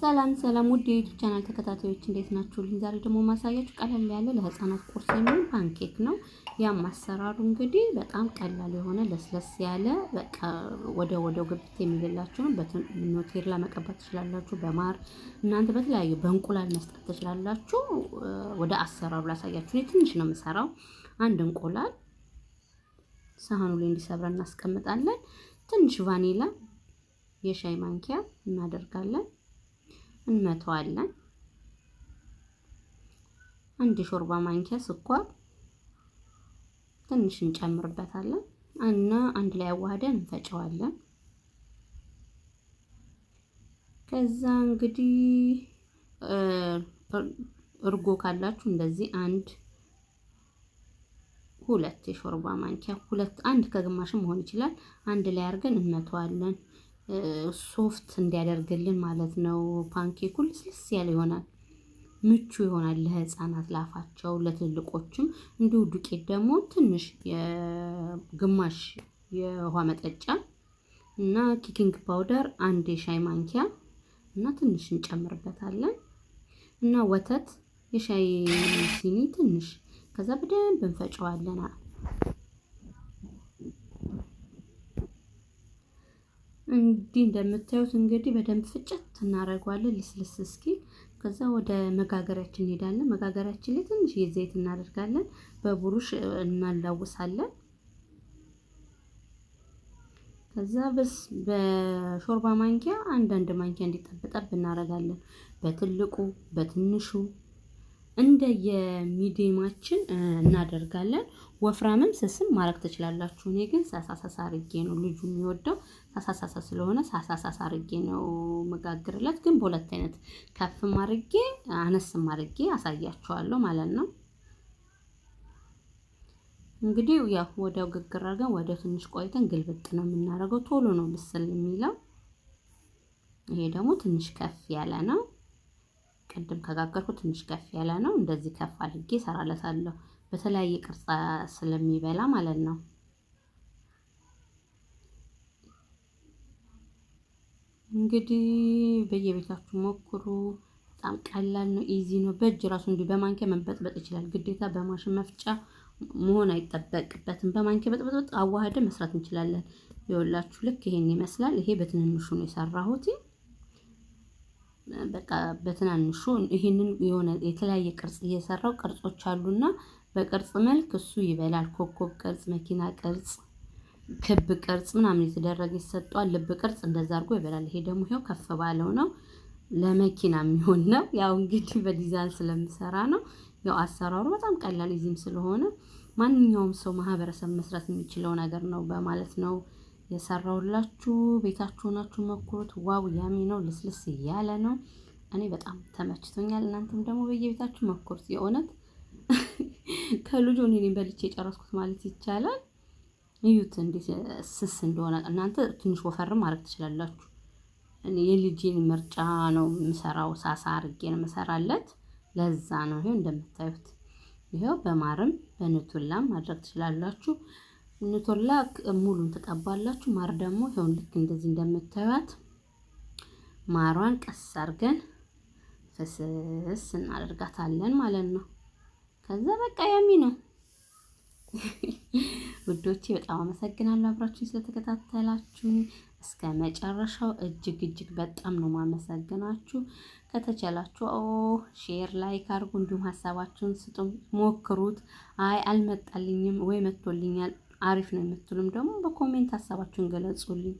ሰላም ሰላም ውድ የዩቱብ ቻናል ተከታታዮች እንዴት ናችሁልኝ? ዛሬ ደግሞ ማሳያችሁ ቀለል ያለ ለህፃናት ቁርስ የሚሆን ፓንኬክ ነው። ያም አሰራሩ እንግዲህ በጣም ቀላል የሆነ ለስለስ ያለ በቃ ወደ ወደው ግብት የሚልላችሁ ነው። በኖቴላ መቀባት ትችላላችሁ፣ በማር እናንተ በተለያዩ በእንቁላል መስጠት ትችላላችሁ። ወደ አሰራሩ ላሳያችሁ። እኔ ትንሽ ነው የምሰራው። አንድ እንቁላል ሳህኑ ላይ እንዲሰብረን እናስቀምጣለን። ትንሽ ቫኒላ የሻይ ማንኪያ እናደርጋለን እንመተዋለን። አንድ ሾርባ ማንኪያ ስኳር ትንሽ እንጨምርበታለን እና አንድ ላይ አዋህደን እንፈጨዋለን። ከዛ እንግዲህ እርጎ ካላችሁ እንደዚህ አንድ ሁለት የሾርባ ማንኪያ ሁለት አንድ ከግማሽም መሆን ይችላል። አንድ ላይ አድርገን እንመተዋለን። ሶፍት እንዲያደርግልን ማለት ነው። ፓንኬኩ ልስልስ ያለ ይሆናል፣ ምቹ ይሆናል ለህፃናት ላፋቸው፣ ለትልቆችም እንዲሁ። ዱቄት ደግሞ ትንሽ ግማሽ የውሃ መጠጫ እና ኪኪንግ ፓውደር አንድ የሻይ ማንኪያ እና ትንሽ እንጨምርበታለን እና ወተት የሻይ ሲኒ ትንሽ ከዛ በደንብ እንፈጨዋለን። እንዲህ እንደምታዩት እንግዲህ በደንብ ፍጨት እናደርገዋለን ልስልስ እስኪል። ከዛ ወደ መጋገሪያችን እንሄዳለን። መጋገሪያችን ላይ ትንሽ ዘይት እናደርጋለን፣ በቡሩሽ እናላውሳለን። ከዛ በስ በሾርባ ማንኪያ አንዳንድ ማንኪያ እንዲጠብጠብ እናደርጋለን። በትልቁ በትንሹ እንደ የሚዲየማችን እናደርጋለን። ወፍራምም ስስም ማድረግ ትችላላችሁ። እኔ ግን ሳሳሳሳ አርጌ ነው ልጁ የሚወደው ሳሳሳሳ ስለሆነ ሳሳሳሳ አርጌ ነው መጋግርለት። ግን በሁለት አይነት ከፍም አድርጌ አነስም አድርጌ አሳያችኋለሁ ማለት ነው። እንግዲህ ያው ወዲያው ግግር አድርገን ወዲያው ትንሽ ቆይተን ግልብጥ ነው የምናደርገው። ቶሎ ነው ብስል የሚለው። ይሄ ደግሞ ትንሽ ከፍ ያለ ነው። ቅድም ከጋገርኩ ትንሽ ከፍ ያለ ነው። እንደዚህ ከፍ አድርጌ እሰራለታለሁ። በተለያየ ቅርጻ ስለሚበላ ማለት ነው። እንግዲህ በየቤታችሁ ሞክሩ። በጣም ቀላል ነው፣ ኢዚ ነው። በእጅ ራሱ እንዲህ በማንኪያ መበጥበጥ ይችላል። ግዴታ በማሽን መፍጫ መሆን አይጠበቅበትም። በማንኪያ በጥበጥበጥ አዋህደ መስራት እንችላለን። ይኸውላችሁ ልክ ይሄን ይመስላል። ይሄ በትንንሹ ነው የሰራሁት። በቃ በትናንሹ ይህንን የሆነ የተለያየ ቅርጽ እየሰራው ቅርጾች አሉና በቅርጽ መልክ እሱ ይበላል። ኮከብ ቅርጽ፣ መኪና ቅርጽ፣ ክብ ቅርጽ ምናምን የተደረገ ይሰጠዋል። ልብ ቅርጽ እንደዛ አድርጎ ይበላል። ይሄ ደግሞ ይኸው ከፍ ባለው ነው ለመኪና የሚሆን ነው። ያው እንግዲህ በዲዛይን ስለምሰራ ነው። ያው አሰራሩ በጣም ቀላል ይዚህም ስለሆነ ማንኛውም ሰው ማህበረሰብ መስራት የሚችለው ነገር ነው በማለት ነው የሰራውላችሁ ቤታችሁ ናችሁ መኩሩት ዋው ያሚ ነው፣ ልስልስ ያለ ነው። እኔ በጣም ተመችቶኛል። እናንተም ደግሞ በየቤታችሁ መኩሩት የእውነት ከልጁ እኔን በልቼ የጨረስኩት ማለት ይቻላል። እዩት እንዴት ስስ እንደሆነ። እናንተ ትንሽ ወፈርም ማድረግ ትችላላችሁ። እኔ የልጄን ምርጫ ነው የምሰራው። ሳሳ አድርጌ ነው የምሰራለት። ለዛ ነው ይሄው እንደምታዩት፣ ይሄው በማርም በኑቴላም ማድረግ ትችላላችሁ። ኑቶላ ሙሉን ትቀባላችሁ። ማር ደግሞ ይሁን ልክ እንደዚህ እንደምታዩት ማሯን ቀስ አድርገን ፍስስ እናደርጋታለን ማለት ነው። ከዛ በቃ ያሚ ነው። ውዶቼ በጣም አመሰግናለሁ አብራችሁን ስለተከታተላችሁ እስከ መጨረሻው። እጅግ እጅግ በጣም ነው ማመሰግናችሁ። ከተቻላችሁ ሼር፣ ላይክ አድርጉ። እንዲሁም ሀሳባችሁን ስጡ፣ ሞክሩት። አይ አልመጣልኝም ወይ መጥቶልኛል አሪፍ ነው የምትሉም ደግሞ በኮሜንት ሀሳባችሁን ገለጹልኝ።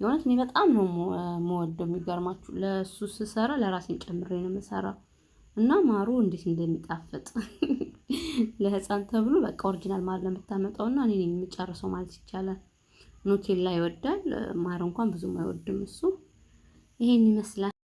የእውነት እኔ በጣም ነው የምወደው። የሚገርማችሁ ለእሱ ስሰራ ለራሴን ጨምሬ ነው የምሰራው እና ማሩ እንዴት እንደሚጣፍጥ ለህፃን ተብሎ በቃ ኦሪጂናል ማር ለምታመጣው እና እኔ የምጨርሰው ማለት ይቻላል። ኑቴላ ይወዳል፣ ማር እንኳን ብዙም አይወድም እሱ። ይሄን ይመስላል።